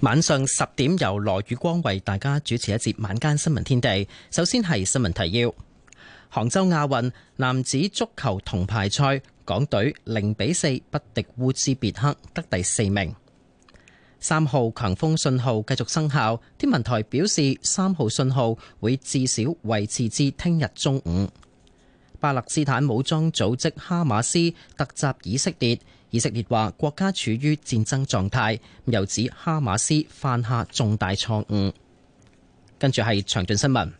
晚上十點，由羅宇光為大家主持一節晚間新聞天地。首先係新聞提要：杭州亞運男子足球銅牌賽，港隊零比四不敵烏茲別克，得第四名。三號強風信號繼續生效，天文台表示三號信號會至少維持至聽日中午。巴勒斯坦武裝組織哈馬斯突襲以色列。以色列話國家處於戰爭狀態，又指哈馬斯犯下重大錯誤。跟住係詳盡新聞。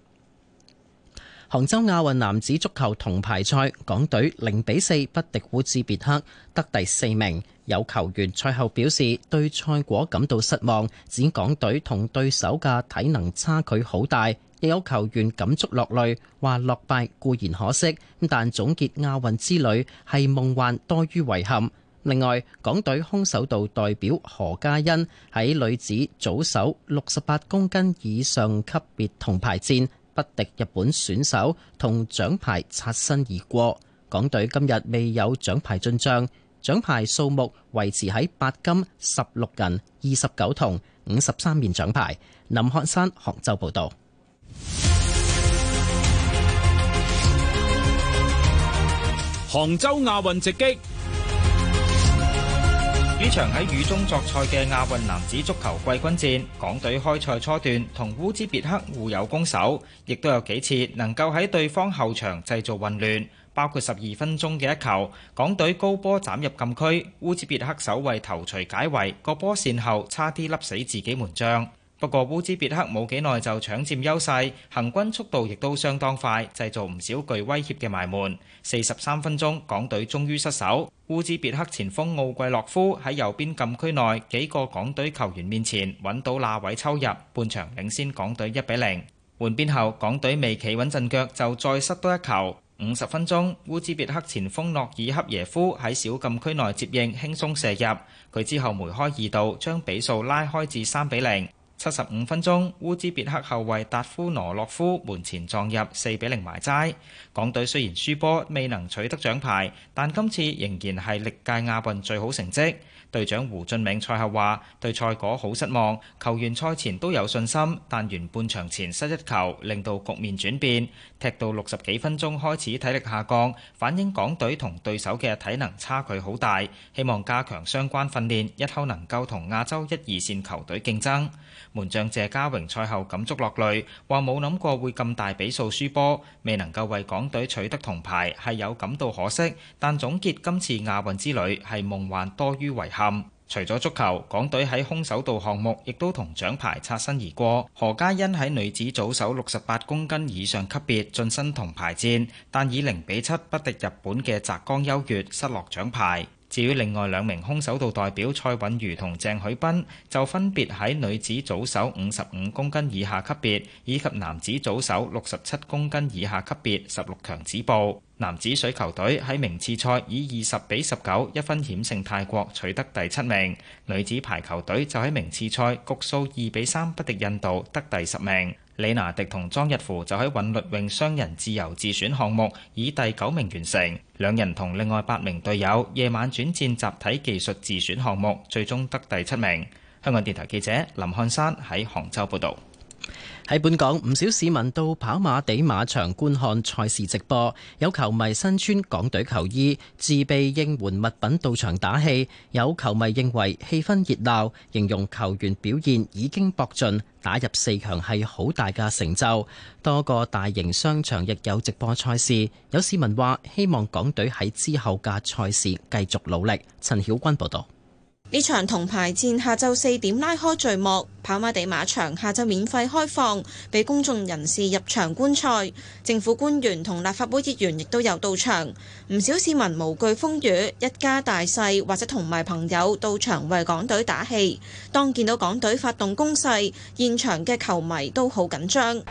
杭州亞運男子足球銅牌賽，港隊零比四不敵烏茲別克，得第四名。有球員賽後表示對賽果感到失望，指港隊同對手嘅體能差距好大。亦有球員感觸落淚，話落敗固然可惜，但總結亞運之旅係夢幻多於遺憾。另外，港隊空手道代表何嘉欣喺女子組手六十八公斤以上級別銅牌戰不敵日本選手，同獎牌擦身而過。港隊今日未有獎牌進賬，獎牌數目維持喺八金十六銀二十九銅五十三面獎牌。林漢山杭州報道。杭州亞運直擊。一場喺雨中作賽嘅亞運男子足球季軍戰，港隊開賽初段同烏茲別克互有攻守，亦都有幾次能夠喺對方後場製造混亂，包括十二分鐘嘅一球，港隊高波斬入禁區，烏茲別克守衛頭錘解圍個波線後，差啲笠死自己門將。不過烏茲別克冇幾耐就搶佔優勢，行軍速度亦都相當快，製造唔少具威脅嘅埋門。四十三分鐘，港隊終於失守。烏茲別克前鋒奧季洛夫喺右邊禁區內幾個港隊球員面前揾到那位抽入，半場領先港隊一比零。換邊後，港隊未企穩陣腳就再失多一球。五十分鐘，烏茲別克前鋒諾爾克耶夫喺小禁區內接應輕鬆射入，佢之後梅開二度，將比數拉開至三比零。七十五分鐘，烏茲別克後衛達夫羅洛夫門前撞入四比零埋齋。港隊雖然輸波，未能取得獎牌，但今次仍然係歷屆亞運最好成績。隊長胡俊明賽後話：對賽果好失望，球員賽前都有信心，但完半場前失一球，令到局面轉變。踢到六十幾分鐘開始體力下降，反映港隊同對手嘅體能差距好大。希望加強相關訓練，一後能夠同亞洲一二線球隊競爭。門將謝家榮賽後感觸落淚，話冇諗過會咁大比數輸波，未能夠為港隊取得銅牌係有感到可惜，但總結今次亞運之旅係夢幻多於遺憾。除咗足球，港隊喺空手道項目亦都同獎牌擦身而過。何嘉欣喺女子組手六十八公斤以上級別晉身銅牌戰，但以零比七不敵日本嘅澤江優月失落獎牌。至於另外兩名空手道代表蔡允如同鄭海斌，就分別喺女子組手五十五公斤以下級別以及男子組手六十七公斤以下級別十六強止步。男子水球隊喺名次賽以二十比十九一分險勝泰國，取得第七名。女子排球隊就喺名次賽局數二比三不敵印度，得第十名。李娜迪同莊日符就喺韻律泳雙人自由自選項目以第九名完成，兩人同另外八名隊友夜晚轉戰集體技術自選項目，最終得第七名。香港電台記者林漢山喺杭州報導。喺本港，唔少市民到跑馬地馬場觀看賽事直播，有球迷身穿港隊球衣，自備應援物品到場打氣，有球迷認為氣氛熱鬧，形容球員表現已經搏盡，打入四強係好大嘅成就。多個大型商場亦有直播賽事，有市民話希望港隊喺之後嘅賽事繼續努力。陳曉君報道。呢場銅牌戰下晝四點拉開序幕，跑馬地馬場下晝免費開放，俾公眾人士入場觀賽。政府官員同立法會議員亦都有到場，唔少市民無懼風雨，一家大細或者同埋朋友到場為港隊打氣。當見到港隊發動攻勢，現場嘅球迷都好緊張。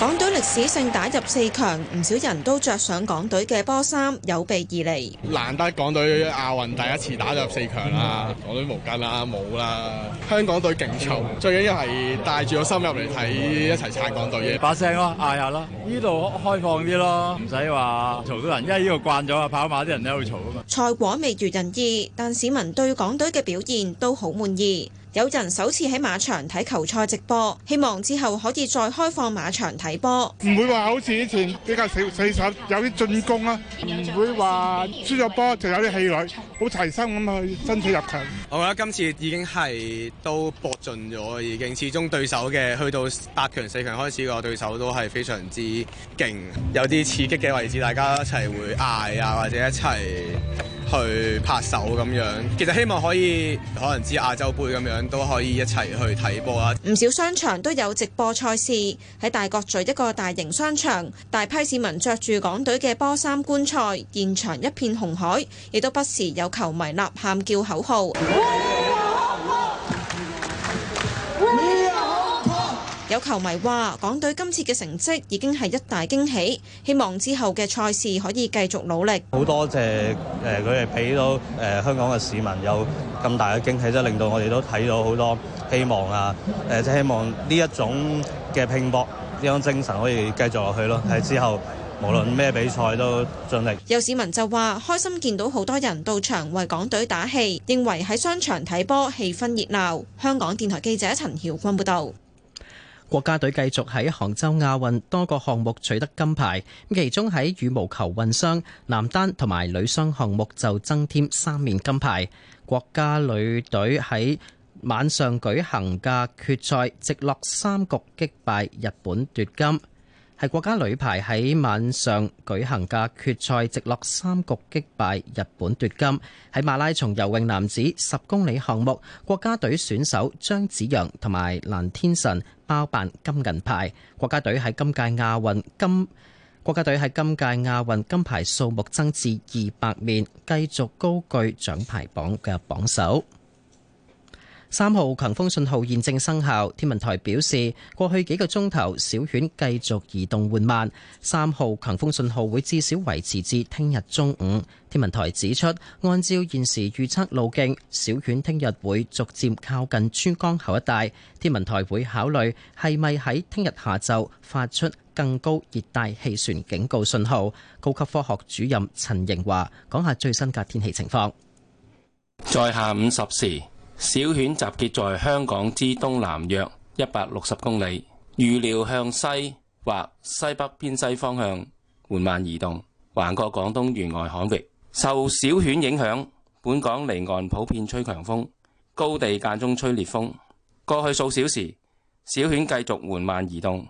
港隊歷史性打入四強，唔少人都着上港隊嘅波衫，有備而嚟。難得港隊亞運第一次打入四強啦，港隊毛巾啦，冇啦，香港隊勁嘈，最緊要係帶住個心入嚟睇，一齊撐港隊嘅。把聲咯，嗌下啦，呢度開放啲咯，唔使話嘈到人，因為呢度慣咗啊，跑馬啲人都喺度嘈啊嘛。賽果未如人意，但市民對港隊嘅表現都好滿意。有人首次喺馬場睇球賽直播，希望之後可以再開放馬場睇波。唔會話好似以前比較死守，有啲進攻啦，唔會話輸咗波就有啲氣餒，好齊心咁去申請入場。我覺得今次已經係都搏盡咗，已經始終對手嘅去到八強、四強開始個對手都係非常之勁，有啲刺激嘅位置，大家一齊會嗌啊，或者一齊，去拍手咁樣，其實希望可以可能知亞洲杯咁樣都可以一齊去睇波啦。唔少商場都有直播賽事，喺大角咀一個大型商場，大批市民着住港隊嘅波衫觀賽，現場一片紅海，亦都不時有球迷吶喊叫口號。 有球迷話，港隊今次嘅成績已經係一大驚喜，希望之後嘅賽事可以繼續努力。好多謝誒，佢哋俾到誒香港嘅市民有咁大嘅驚喜，即係令到我哋都睇到好多希望啊！誒，即係希望呢一種嘅拼搏呢種精神可以繼續落去咯。喺之後無論咩比賽都盡力。有市民就話開心見到好多人到場為港隊打氣，認為喺商場睇波氣氛熱鬧。香港電台記者陳曉君報道。國家隊繼續喺杭州亞運多個項目取得金牌，其中喺羽毛球混雙、男單同埋女雙項目就增添三面金牌。國家女隊喺晚上舉行嘅決賽直落三局擊敗日本奪金，係國家女排喺晚上舉行嘅決賽直落三局擊敗日本奪金。喺馬拉松游泳男子十公里項目，國家隊選手張子陽同埋藍天神。包辦金銀牌，國家隊喺今屆亞運金，國家隊喺今屆亞運金牌數目增至二百面，繼續高踞獎牌榜嘅榜首。三號強風信號現正生效，天文台表示，過去幾個鐘頭小犬繼續移動緩慢。三號強風信號會至少維持至聽日中午。天文台指出，按照現時預測路徑，小犬聽日會逐漸靠近珠江口一帶。天文台會考慮係咪喺聽日下晝發出更高熱帶氣旋警告信號。高級科學主任陳瑩華，講下最新嘅天氣情況。在下午十時。小犬集結在香港之東南約一百六十公里，預料向西或西北偏西方向緩慢移動，橫過廣東沿岸海域。受小犬影響，本港離岸普遍吹強風，高地間中吹烈風。過去數小時，小犬繼續緩慢移動，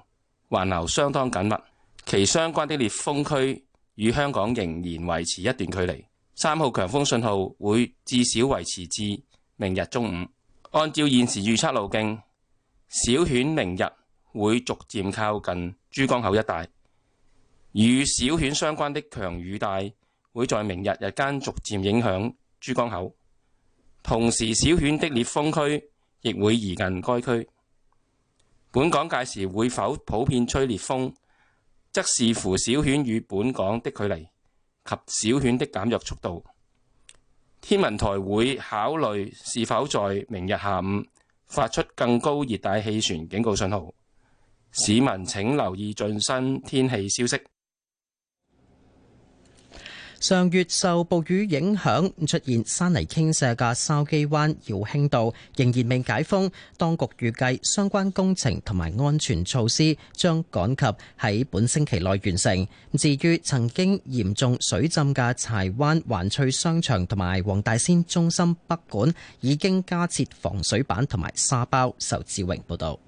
環流相當緊密，其相關的烈風區與香港仍然維持一段距離。三號強風信號會至少維持至明日中午，按照現時預測路徑，小犬明日會逐漸靠近珠江口一帶，與小犬相關的強雨帶會在明日日間逐漸影響珠江口，同時小犬的烈風區亦會移近該區。本港屆時會否普遍吹烈風，則視乎小犬與本港的距離及小犬的減弱速度。天文台會考慮是否在明日下午發出更高熱帶氣旋警告信號，市民請留意最新天氣消息。上月受暴雨影響，出現山泥傾瀉嘅筲箕灣耀興道仍然未解封，當局預計相關工程同埋安全措施將趕及喺本星期內完成。至於曾經嚴重水浸嘅柴灣環翠商場同埋黃大仙中心北館已經加設防水板同埋沙包。仇志榮報道。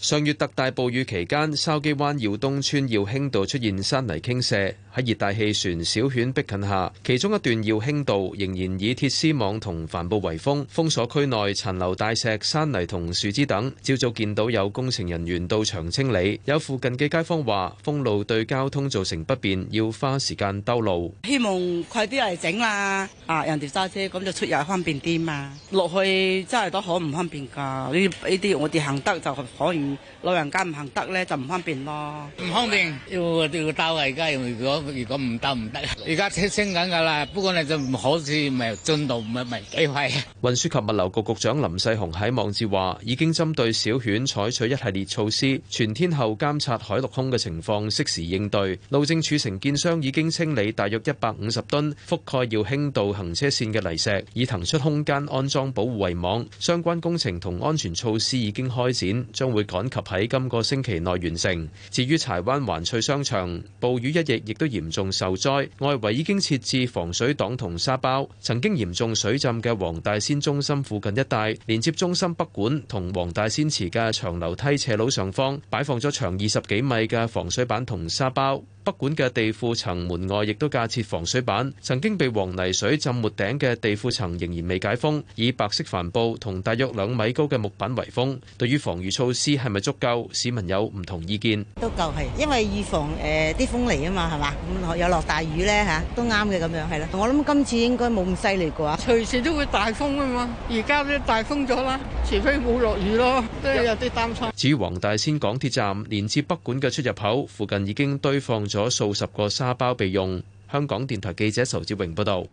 上月特大暴雨期間，筲箕灣耀東邨耀興道出現山泥傾瀉。喺熱帶氣旋小犬逼近下，其中一段耀興道仍然以鐵絲網同帆布圍封，封鎖區內殘留大石、山泥同樹枝等。朝早見到有工程人員到場清理。有附近嘅街坊話：封路對交通造成不便，要花時間兜路。希望快啲嚟整啦！啊，人哋揸車咁就出入方便啲嘛。落去真係都好唔方便㗎。呢呢啲我哋行得就可以。老人家唔行得呢，就唔方便咯。唔方便要要兜啊！而家如果如果唔兜唔得，而家車清緊噶啦。不過你就唔好似唔係，進度唔係幾快。運輸及物流局局長林世雄喺網誌話，已經針對小犬採取一系列措施，全天候監察海陸空嘅情況，適時應對。路政署承建商已經清理大約一百五十噸覆蓋要輕道行車線嘅泥石，以騰出空間安裝保護圍網。相關工程同安全措施已經開展，將會改。及喺今個星期內完成。至於柴灣環翠商場，暴雨一役亦都嚴重受災，外圍已經設置防水擋同沙包。曾經嚴重水浸嘅黃大仙中心附近一帶，連接中心北館同黃大仙祠嘅長樓梯斜路上方，擺放咗長二十幾米嘅防水板同沙包。北館嘅地庫層門外亦都架設防水板，曾經被黃泥水浸沒頂嘅地庫層仍然未解封，以白色帆布同大約兩米高嘅木板圍封。對於防御措施係咪足夠，市民有唔同意見。都夠係，因為預防誒啲、呃、風嚟啊嘛，係嘛咁可有落大雨咧吓，都啱嘅咁樣係啦。我諗今次應該冇咁犀利啩。隨時都會大風啊嘛，而家都大風咗啦，除非冇落雨咯，即係有啲擔心。至於黃大仙港鐵站連接北館嘅出入口附近，已經堆放咗。咗數十個沙包備用。香港電台記者仇志榮報道：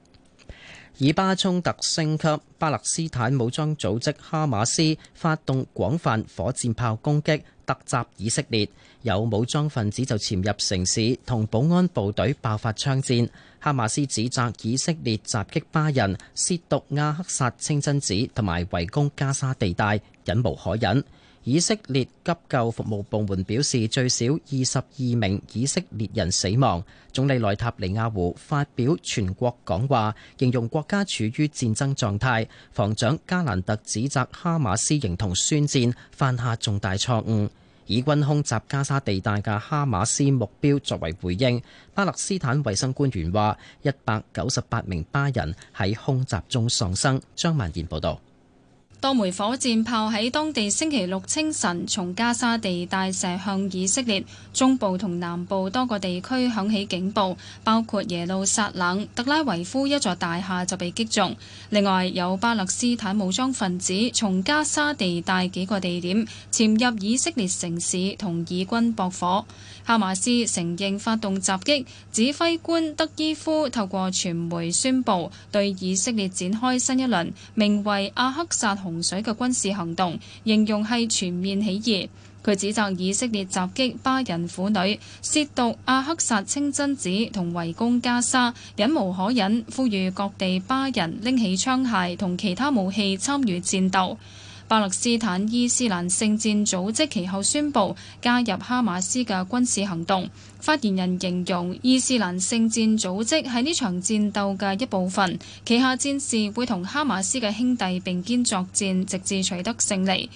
以巴衝突升級，巴勒斯坦武裝組織哈馬斯發動廣泛火箭炮攻擊，突襲以色列。有武裝分子就潛入城市，同保安部隊爆發槍戰。哈馬斯指責以色列襲擊巴人，褻瀆阿克薩清真寺，同埋圍攻加沙地帶，忍無可忍。以色列急救服務部門表示，最少二十二名以色列人死亡。總理內塔尼亞胡發表全國講話，形容國家處於戰爭狀態。防長加蘭特指責哈馬斯形同宣戰，犯下重大錯誤。以軍空襲加沙地帶嘅哈馬斯目標作為回應，巴勒斯坦衛生官員話，一百九十八名巴人喺空襲中喪生。張曼賢報導。多枚火箭炮喺當地星期六清晨從加沙地帶射向以色列中部同南部多個地區，響起警報，包括耶路撒冷、特拉維夫一座大廈就被擊中。另外，有巴勒斯坦武裝分子從加沙地帶幾個地點潛入以色列城市，同以軍駁火。哈馬斯承認發動襲擊，指揮官德伊夫透過傳媒宣布對以色列展開新一輪，名為阿克薩紅洪水嘅軍事行動，形容係全面起義。佢指責以色列襲擊巴人婦女、褻瀆阿克薩清真寺同圍攻加沙，忍無可忍，呼籲各地巴人拎起槍械同其他武器參與戰鬥。巴勒斯坦伊斯蘭聖戰組織其後宣布加入哈馬斯嘅軍事行動。發言人形容伊斯蘭聖戰組織係呢場戰鬥嘅一部分，旗下戰士會同哈馬斯嘅兄弟並肩作戰，直至取得勝利。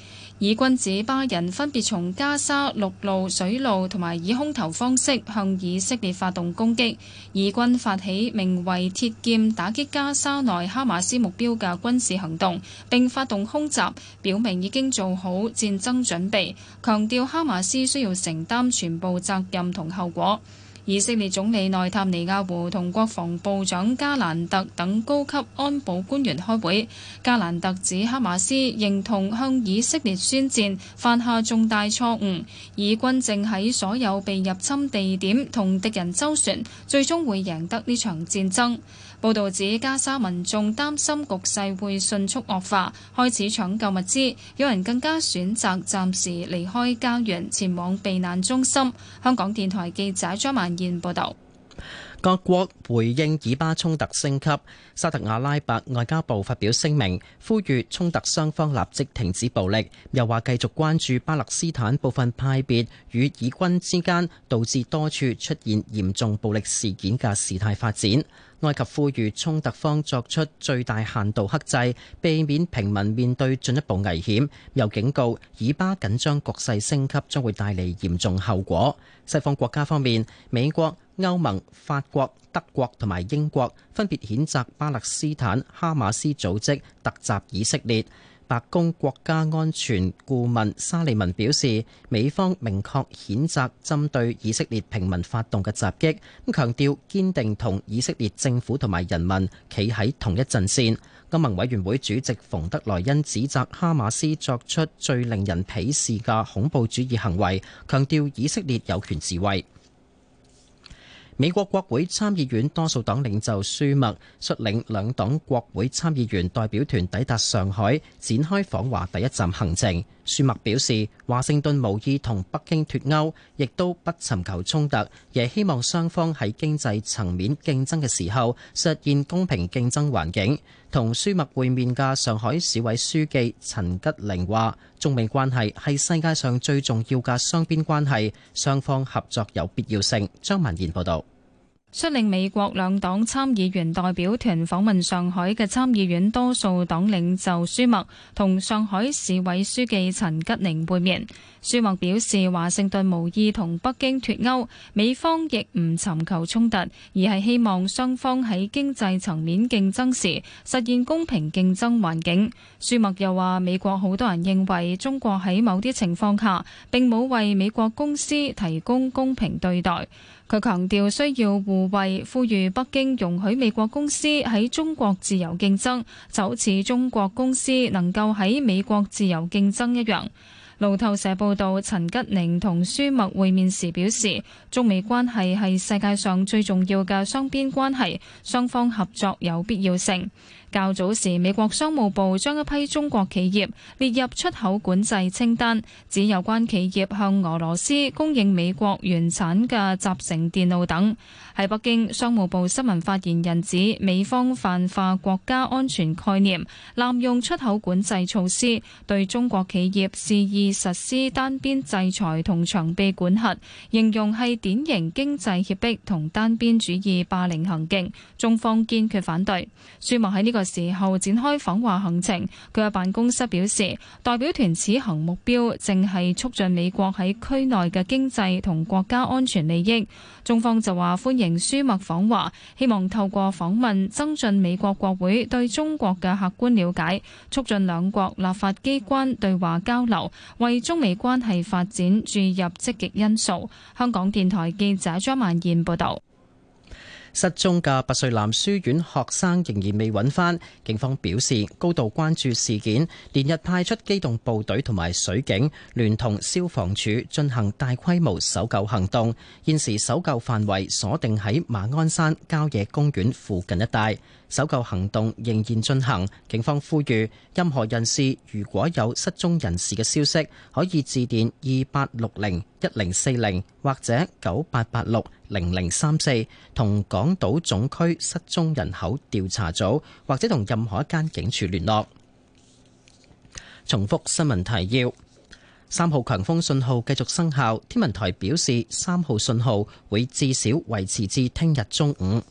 以軍指巴人分別從加沙、陸路、水路同埋以，以空投方式向以色列發動攻擊。以軍發起名為「鐵劍」打擊加沙內哈馬斯目標嘅軍事行動，並發動空襲，表明已經做好戰爭準備，強調哈馬斯需要承擔全部責任同後果。以色列總理內塔尼亞胡同國防部長加蘭特等高級安保官員開會。加蘭特指哈馬斯認同向以色列宣戰犯下重大錯誤。以軍正喺所有被入侵地點同敵人周旋，最終會贏得呢場戰爭。報道指加沙民眾擔心局勢會迅速惡化，開始搶購物資，有人更加選擇暫時離開家園，前往避難中心。香港電台記者張曼燕報導。各國回應以巴衝突升級，沙特阿拉伯外交部發表聲明，呼籲衝突雙方立即停止暴力，又話繼續關注巴勒斯坦部分派別與以軍之間導致多處出現嚴重暴力事件嘅事態發展。埃及呼籲衝突方作出最大限度克制，避免平民面對進一步危險，又警告以巴緊張局勢升級將會帶嚟嚴重後果。西方國家方面，美國。歐盟、法國、德國同埋英國分別譴責巴勒斯坦哈馬斯組織突襲以色列。白宮國家安全顧問沙利文表示，美方明確譴責針對以色列平民發動嘅襲擊，咁強調堅定同以色列政府同埋人民企喺同一陣線。歐盟委員會主席馮德萊恩指責哈馬斯作出最令人鄙視嘅恐怖主義行為，強調以色列有權自衛。美國國會參議院多數黨領袖舒默率領兩黨國會參議員代表團抵達上海，展開訪華第一站行程。舒默表示，華盛頓無意同北京脱歐，亦都不尋求衝突，也希望雙方喺經濟層面競爭嘅時候實現公平競爭環境。同舒默會面嘅上海市委書記陳吉寧話，中美關係係世界上最重要嘅雙邊關係，雙方合作有必要性。張文燕報道。率領美國兩黨參議員代表團訪問上海嘅參議院多數黨領袖舒默同上海市委書記陳吉寧會面。舒默表示，華盛頓無意同北京脫鈎，美方亦唔尋求衝突，而係希望雙方喺經濟層面競爭時實現公平競爭環境。舒默又話，美國好多人認為中國喺某啲情況下並冇為美國公司提供公平對待。佢強調需要互惠，呼籲北京容許美國公司喺中國自由競爭，就好似中國公司能夠喺美國自由競爭一樣。路透社報道，陳吉寧同舒默會面時表示，中美關係係世界上最重要嘅雙邊關係，雙方合作有必要性。較早時，美國商務部將一批中國企業列入出口管制清單，指有關企業向俄羅斯供應美國原產嘅集成電路等。喺北京，商務部新聞發言人指，美方泛化國家安全概念，濫用出口管制措施，對中國企業肆意實施單邊制裁同長臂管轄，形容係典型經濟脅迫同單邊主義霸凌行徑，中方堅決反對。舒默喺呢個時候展開訪華行程，佢嘅辦公室表示，代表團此行目標正係促進美國喺區內嘅經濟同國家安全利益。中方就話歡迎舒默訪華，希望透過訪問增進美國國會對中國嘅客觀了解，促進兩國立法機關對話交流，為中美關係發展注入積極因素。香港電台記者張曼燕報道。失蹤嘅白瑞南書院學生仍然未揾翻，警方表示高度關注事件，連日派出機動部隊同埋水警，聯同消防處進行大規模搜救行動。現時搜救範圍鎖定喺馬鞍山郊野公園附近一帶。搜救行動仍然進行，警方呼籲任何人士如果有失蹤人士嘅消息，可以致電二八六零一零四零或者九八八六零零三四，同港島總區失蹤人口調查組或者同任何一間警署聯絡。重複新聞提要：三號強風信號繼續生效，天文台表示三號信號會至少維持至聽日中午。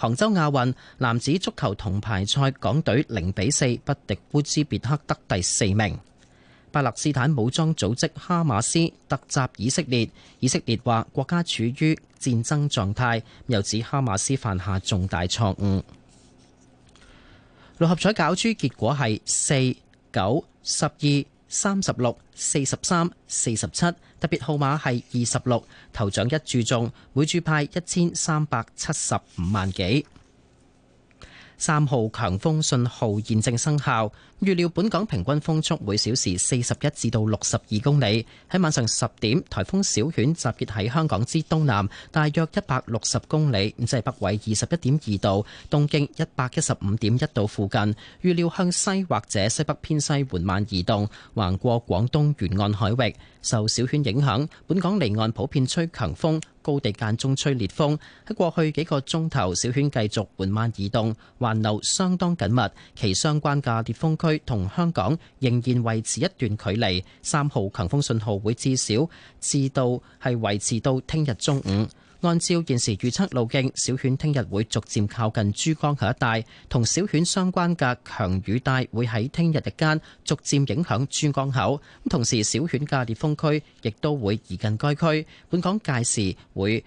杭州亞運男子足球銅牌賽，港隊零比四不敵烏茲別克得第四名。巴勒斯坦武裝組織哈馬斯突襲以色列，以色列話國家處於戰爭狀態，又指哈馬斯犯下重大錯誤。六合彩攪珠結果係四九十二、三十六、四十三、四十七，特別號碼係二十六，頭獎一注中，每注派一千三百七十五萬幾。三號強風信號現正生效。預料本港平均風速每小時四十一至到六十二公里。喺晚上十點，颱風小犬集結喺香港之東南，大約一百六十公里，咁即係北緯二十一點二度，東經一百一十五點一度附近。預料向西或者西北偏西緩慢移動，橫過廣東沿岸海域。受小犬影響，本港離岸普遍吹強風，高地間中吹烈風。喺過去幾個鐘頭，小犬繼續緩慢移動，環流相當緊密，其相關嘅烈風區。區同香港仍然維持一段距離，三號強風信號會至少至到係維持到聽日中午。按照現時預測路徑，小犬聽日會逐漸靠近珠江口一帶，同小犬相關嘅強雨帶會喺聽日日間逐漸影響珠江口。咁同時，小犬嘅烈風區亦都會移近該區。本港屆時會。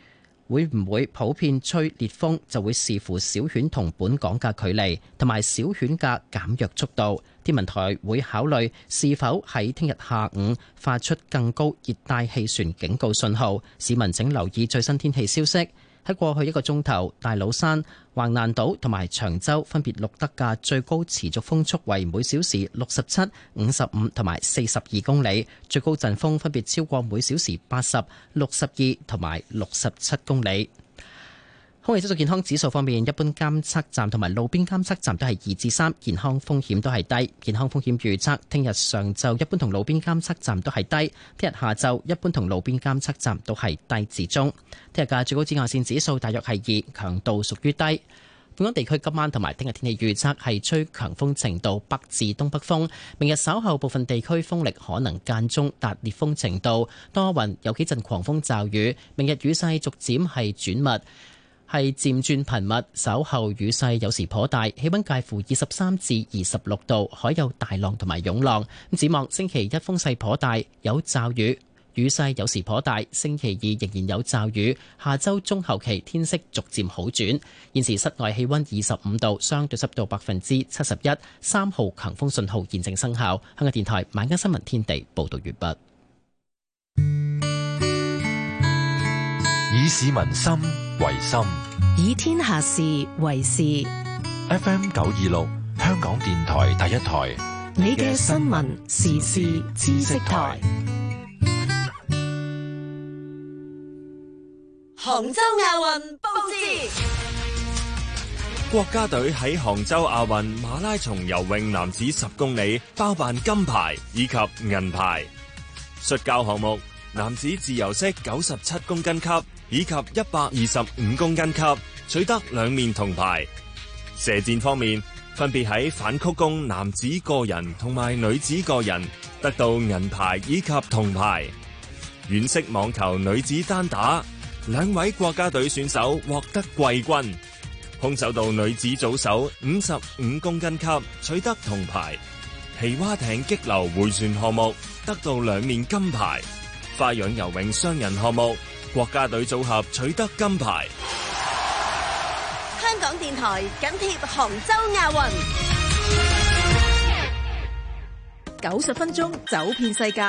會唔會普遍吹烈風，就會視乎小犬同本港嘅距離，同埋小犬嘅減弱速度。天文台會考慮是否喺聽日下午發出更高熱帶氣旋警告信號。市民請留意最新天氣消息。喺過去一個鐘頭，大老山、橫瀾島同埋長洲分別錄得嘅最高持續風速為每小時六十七、五十五同埋四十二公里，最高陣風分別超過每小時八十、六十二同埋六十七公里。空氣質素健康指數方面，一般監測站同埋路邊監測站都係二至三，健康風險都係低。健康風險預測，聽日上晝一般同路邊監測站都係低，聽日下晝一般同路邊監測站都係低至中。聽日嘅最高紫外線指數大約係二，強度屬於低。本港地區今晚同埋聽日天氣預測係吹強風程度北至東北風，明日稍後部分地區風力可能間中達烈風程度，多雲有幾陣狂風驟雨。明日雨勢逐漸係轉密。係漸轉頻密，稍後雨勢有時頗大，氣温介乎二十三至二十六度，海有大浪同埋湧浪。咁展望星期一風勢頗大，有驟雨，雨勢有時頗大。星期二仍然有驟雨。下周中後期天色逐漸好轉。現時室外氣温二十五度，相對濕度百分之七十一，三號強風信號現正生效。香港電台晚間新聞天地報導完畢。以市民心。為心以天下事為事。FM 九二六，香港電台第一台。你嘅新聞時事知識台。亞運杭州亞運報捷，國家隊喺杭州亞運馬拉松、游泳、男子十公里包辦金牌以及銀牌。摔跤項目，男子自由式九十七公斤級。以及一百二十五公斤級取得兩面銅牌。射箭方面，分別喺反曲弓男子個人同埋女子個人得到銀牌以及銅牌。軟式網球女子單打，兩位國家隊選手獲得季軍。空手道女子組手五十五公斤級取得銅牌。皮划艇激流回旋項目得到兩面金牌。花樣游泳雙人項目。國家隊組合取得金牌。香港電台緊貼杭州亞運。九十分鐘走遍世界。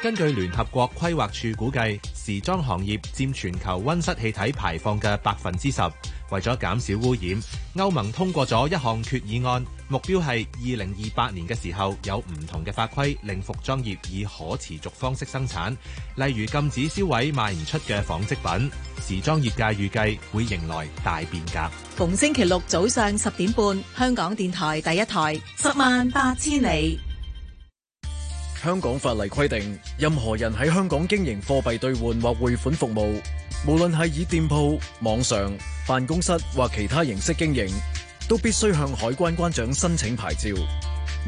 根據聯合國規劃處估計，時裝行業佔全球溫室氣體排放嘅百分之十。為咗減少污染，歐盟通過咗一項決議案。目標係二零二八年嘅時候，有唔同嘅法規令服裝業以可持續方式生產，例如禁止銷毀賣唔出嘅紡織品。時裝業界預計會迎來大變革。逢星期六早上十點半，香港電台第一台，十萬八千里。香港法例規定，任何人喺香港經營貨幣兌換或匯款服務，無論係以店鋪、網上、辦公室或其他形式經營，都必須向海關關長申請牌照，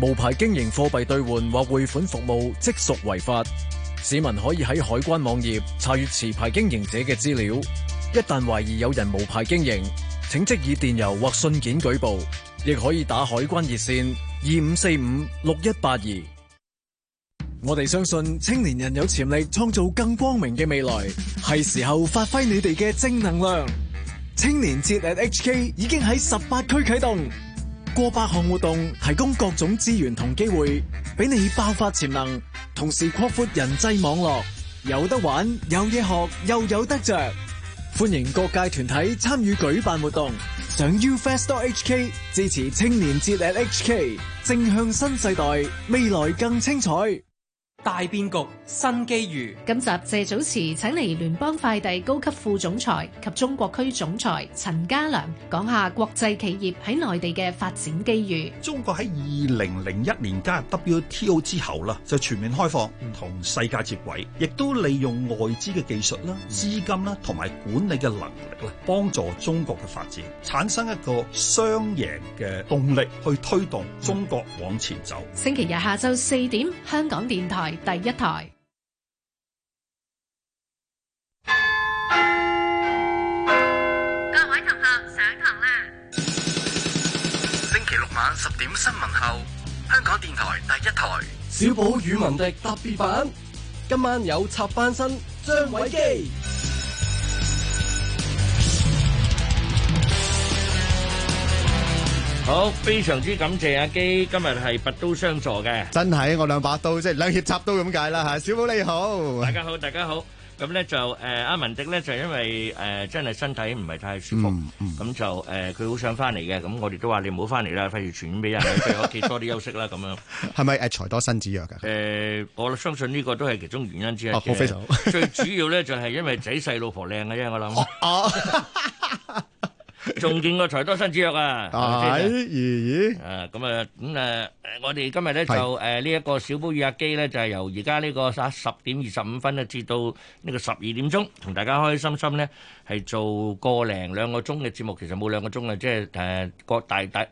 無牌經營貨幣兌換或匯款服務即屬違法。市民可以喺海關網頁查閱持牌經營者嘅資料。一旦懷疑有人無牌經營，請即以電郵或信件舉報，亦可以打海關熱線二五四五六一八二。我哋相信青年人有潛力創造更光明嘅未來，係 時候發揮你哋嘅正能量。青年節 at HK 已經喺十八區啟動，過百項活動提供各種資源同機會，俾你爆發潛能，同時擴闊人際網絡。有得玩，有嘢學，又有得着。歡迎各界團體參與舉辦活動，想 ufast.hk Door 支持青年節 at HK，正向新世代，未來更精彩。大變局，新機遇。今集謝祖慈請嚟聯邦快遞高級副總裁及中國區總裁陳家良，講下國際企業喺內地嘅發展機遇。中國喺二零零一年加入 WTO 之後啦，就全面開放同世界接軌，亦都利用外資嘅技術啦、資金啦同埋管理嘅能力啦，幫助中國嘅發展，產生一個雙贏嘅動力去推動中國往前走。星期日下晝四點，香港電台第一台。香港電台第一台小寶語文的特別版，今晚有插班生張偉基，好非常之感謝阿基，今日係拔刀相助嘅，真係我兩把刀，即係兩肋插刀咁解啦吓。小寶你好，大家好，大家好。咁咧就誒阿、呃、文迪咧就因為誒、呃、真係身體唔係太舒服，咁、嗯嗯、就誒佢好想翻嚟嘅。咁我哋都話你唔好翻嚟啦，費事傳染俾人，喺屋企多啲休息啦。咁樣係咪誒財多身子弱㗎？誒、呃，我相信呢個都係其中原因之一。哦、非常好 最主要咧就係因為仔細老婆靚嘅啫，我諗。 仲 見過財多生子藥啊！咦咦？啊，咁、嗯、啊，咁啊，我哋今日咧就誒呢一個小煲與壓機咧，就係、是、由而家呢個啊十點二十五分咧，至到呢個十二點鐘，同大家開心心咧係做個零兩個鐘嘅節目，其實冇兩個鐘啊，即係誒各大大。大